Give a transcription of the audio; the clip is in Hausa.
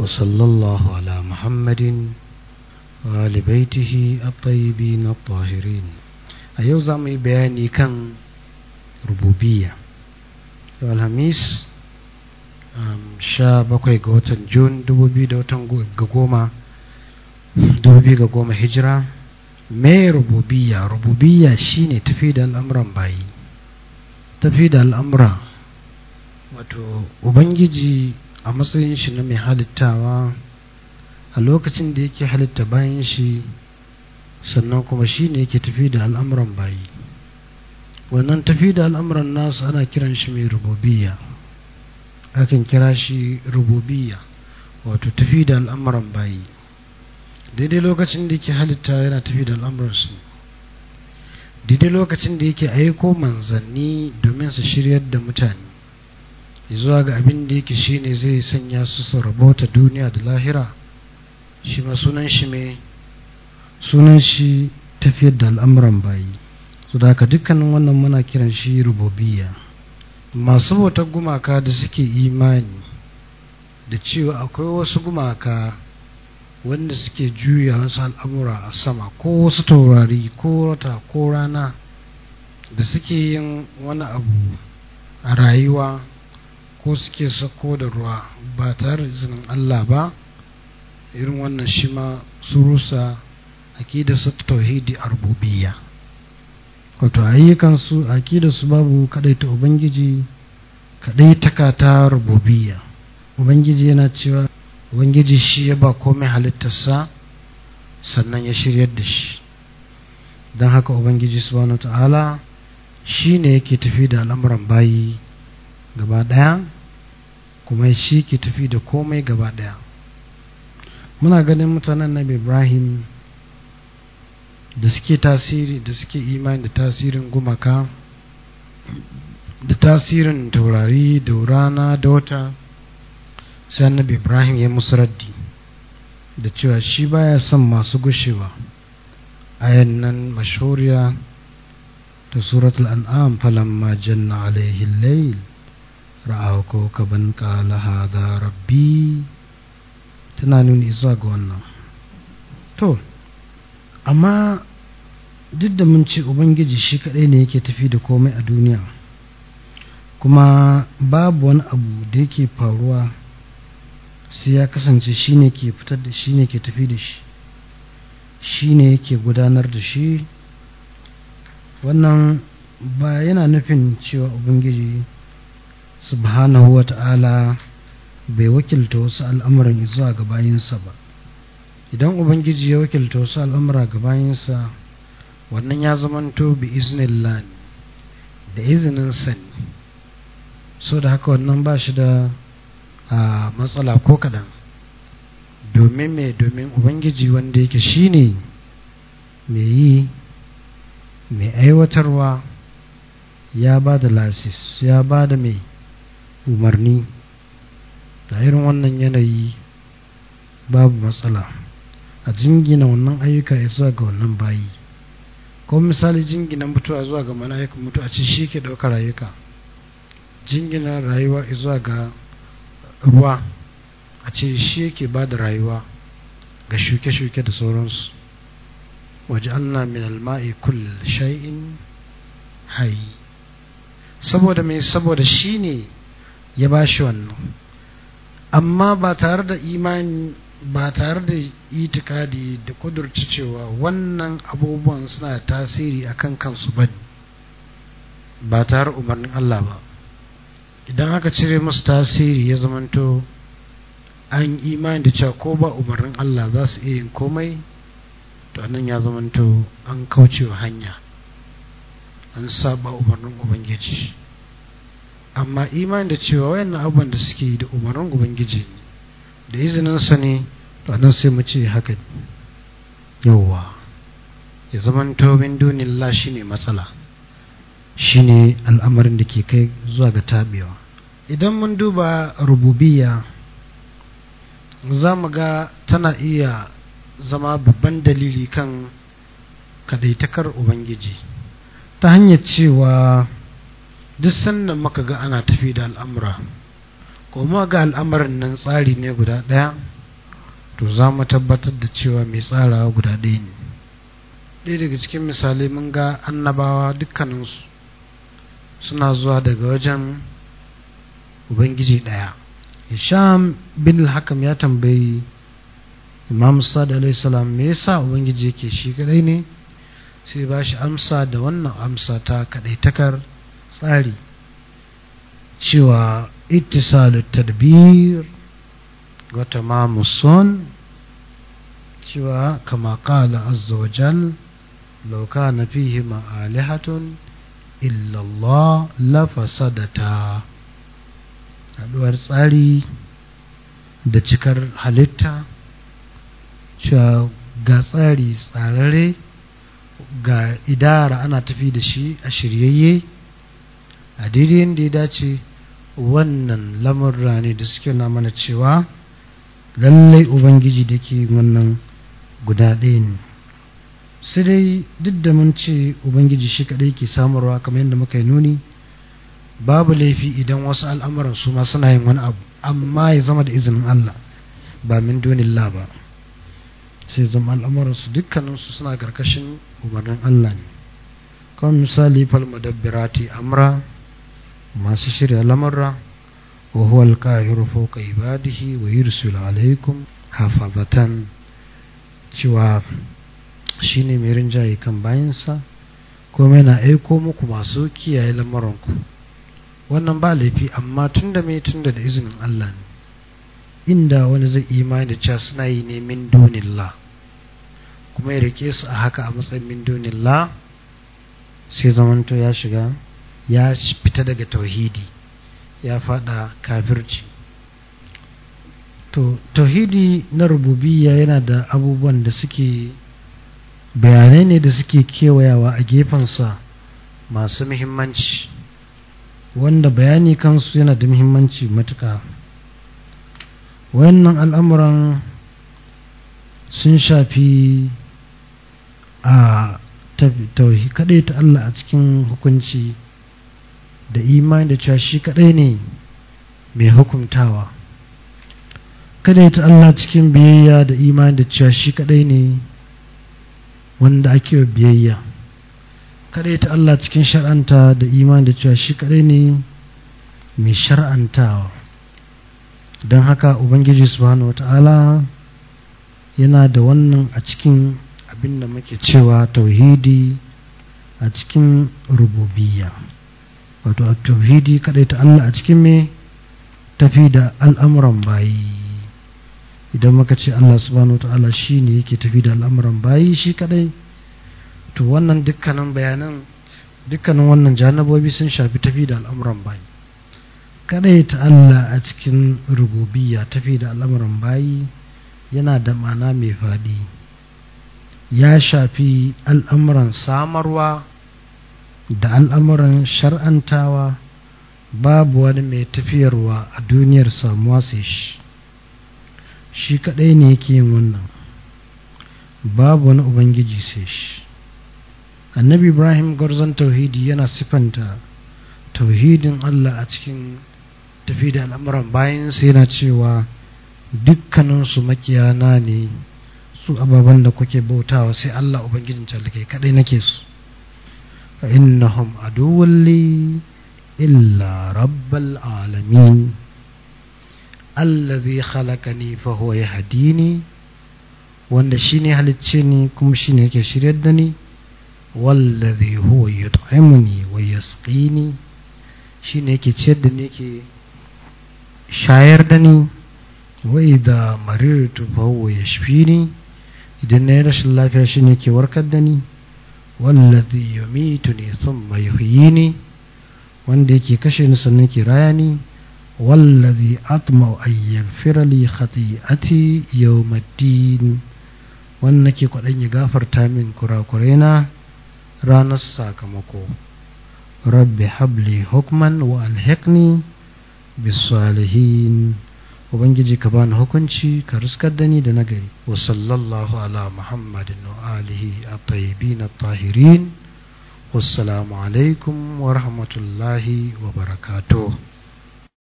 وصلى الله على محمد وآل بيته الطيبين الطاهرين أيوز أمي بياني كان ربوبية الهميس sha bakwai ga watan jun dubu biyu da watan goma dubu biyu ga goma hijira mai rububiya rububiya shine tafi da al'amuran bayi tafi da al'amura wato ubangiji a matsayin shi na mai halittawa a lokacin da yake halitta bayan shi sannan kuma shi ne yake tafi da al'amuran bayi wannan tafi da al'amuran nasu ana kiran shi mai rububiya akan kira shi rububiya wato tafi da al'amuran bayi daidai lokacin da yake halitta yana tafi da al'amuransu daidai lokacin da yake aiko manzanni domin su shiryar da mutane zuwa ga abin da yake shine zai sanya su su rabota duniya da lahira shi ma sunan shi mai sunan shi tafiyar da al'amuran bayi su da haka dukkanin wannan muna kiran shi rububiya masu bautar gumaka da suke imani da cewa akwai wasu gumaka wanda suke juya wasu al'amura a sama ko wasu taurari ko wata ko rana da suke yin wani abu a rayuwa ko suke sako da ruwa ba tare da izinin Allah ba irin wannan shi ma su rusa akida su tauhidi a rububiyya wato ayyukansu akida su babu ta ubangiji kadai ta rububiyya ubangiji yana cewa ubangiji shi ya ba komai halittarsa sannan ya shiryar da shi don haka ubangiji subhanahu ta'ala shi ne yake tafi da al'amuran bayi gaba ɗaya kuma shi ke tafi da komai gaba ɗaya muna ganin mutanen nabi ibrahim da suke tasiri da suke imani da tasirin gumaka da tasirin taurari da rana da wata sai annabi ibrahim ya musu raddi da cewa shi baya son masu gushewa a nan mashuriya ta suratul an'am falamma janna alaihi layl ra'a kawkaban qala hada rabbi tana nuni zuwa ga wannan to amma duk da mun ce ubangiji shi kadai ne yake tafi da komai a duniya kuma babu wani abu da yake faruwa sai ya kasance shi ne ke fitar da shi ne ke tafi da shi shi ne yake gudanar da shi wannan ba yana nufin cewa ubangiji subhanahu wa ta'ala bai wakilta wasu al'amuran zuwa ga bayinsa ba idan ubangiji ya wakilta wasu al'amura ga bayinsa wannan ya zamanto bi lan da izinin sani so da haka wannan ba shi da a matsala ko kaɗan domin mai domin ubangiji wanda yake shine mai yi mai aiwatarwa ya ba da lasis ya ba da mai umarni da irin wannan yanayi babu matsala a jingina wannan ayyuka ya zuwa ga wannan bayi ko misali jingina mutuwa zuwa ga mutu mutuwa ce shi ke ɗaukar rayuka jingina rayuwa zuwa ga ruwa a ce shi yake ba da rayuwa ga shuke-shuke da sauransu waje na min alma'i kullum shay'in hayi saboda mai saboda shi ne ya ba shi wannan amma ba tare da imani ba tare da itikadi da kudurci cewa wannan abubuwan suna tasiri akan kansu ba ba tare umarnin Allah ba idan aka cire musu tasiri ya zamanto an imani da cewa ko ba umarnin Allah za su iya yin komai to nan ya zamanto an kaucewa hanya an saba umarnin ubangiji amma imani da cewa wayannan abubuwan da suke yi da umarnin ubangiji da izininsa ne to nan sai mu ce haka yawwa ya zaman tobin dunillah shine matsala shine al'amarin da ke kai zuwa ga tabewa idan mun duba rububiya za mu ga tana iya zama babban dalili kan kadaitakar ubangiji ta hanyar cewa duk sannan maka ga ana tafi da al'amura ma ga al'amarin nan tsari ne guda ɗaya to za mu tabbatar da cewa mai tsarawa guda ɗaya ne ɗaya daga cikin misali mun ga annabawa dukkaninsu suna zuwa daga wajen ubangiji ɗaya isham bin hakam ya tambayi imam sa'ad alaihi salam me yasa ubangiji yake shi kadai ne sai ba shi amsa da wannan amsa ta kadaitakar tsari cewa ittisalu tadbir wata tamamu sun cewa kama kala azza lauka na fi yi fihi ma alihatun illa da la haduwar tsari da cikar halitta cewa ga tsari tsarare ga idara ana tafi da shi a shiryayye a daidai da ya dace wannan lamurra ne da suke na mana cewa lallai ubangiji da ke wannan guda ɗaya ne sai dai duk da mun ce ubangiji shi kaɗai ke samarwa kamar yadda muka yi nuni babu laifi idan wasu al'amuran su ma suna yin wani abu amma ya zama da izinin Allah ba min la ba sai zama al'amuransu dukkaninsu suna karkashin umarnin Allah ne kuma misali falmadabbirati amra masu shirya lamarra wa huwa alqahiru fawqa ibadihi wa yursilu alaikum hafazatan cewa shine mai rinjaye kan bayansa kuma yana aiko muku masu kiyaye lamuranku wannan ba laifi amma tunda mai tunda da izinin Allah ne inda wani zai imani da cewa suna yi ne min kuma ya rike su a haka a matsayin min dunillah sai zamanto ya shiga ya fita daga tauhidi ya fada kafirci to tauhidi na rububiyya yana da abubuwan da suke bayanai ne da suke kewayawa a gefensa masu muhimmanci wanda bayani kansu yana da muhimmanci matuka wannan al'amuran sun shafi a tauhi ta Allah a cikin hukunci da imani da cewa shi kadai ne mai hukuntawa kada ya ta Allah cikin biyayya da imani da cewa shi kadai ne wanda ake wa biyayya kada ya ta Allah cikin shar'anta da imani da cewa shi kadai ne mai shar'antawa don haka ubangiji subhanahu wata'ala yana da wannan a cikin abin da muke cewa tauhidi a cikin rububiyya wato a tauhidi kadai ta Allah a cikin me tafi da al'amuran bayi idan maka ce Allah subhanahu ta'ala shi ne yake tafi da al'amuran bayi shi kadai to wannan dukkanin bayanan dukkanin wannan janabobi sun shafi tafi da al'amuran bayi kadai ta Allah a cikin rububiyya tafi da al'amuran bayi yana da ma'ana mai faɗi ya shafi al'amuran samarwa da al'amuran shar'antawa babu wani mai tafiyarwa a duniyar samuwa sai shi shi kaɗai ne yake yin wannan babu wani ubangiji sai shi annabi ibrahim gwarzon tauhidi yana sifanta tauhidin allah a cikin tafi da al'amuran bayan sai yana cewa dukkaninsu makiyana ne su ababen da kuke bautawa sai allah ubangijin talakai kaɗai nake su innahum aduwwun li illa rabbal alamin allazi khalaqani fa huwa yahdini wanda shine halicce ni kuma shine yake shiryar da ni wallazi huwa yut'imuni wa yasqini shine yake ciyar da ni yake shayar da ni wa idza marirtu fa huwa yashfini idan na yi rashin lafiya shine yake warkar da ni wallazi yumituni thumma yuhyini wanda yake kashe ni sannan ke raya ni wallazi atma'u an yaghfira li khati'ati yawmiddin wannan ke kwadan ya gafarta min na ranar sakamako rabbi habli hukman wa alhiqni bis salihin ubangiji ka bani hukunci ka riskar da ni da nagari wa sallallahu ala muhammadin wa alihi at-tayyibin at-tahirin wassalamu alaikum wa rahmatullahi wa barakatuh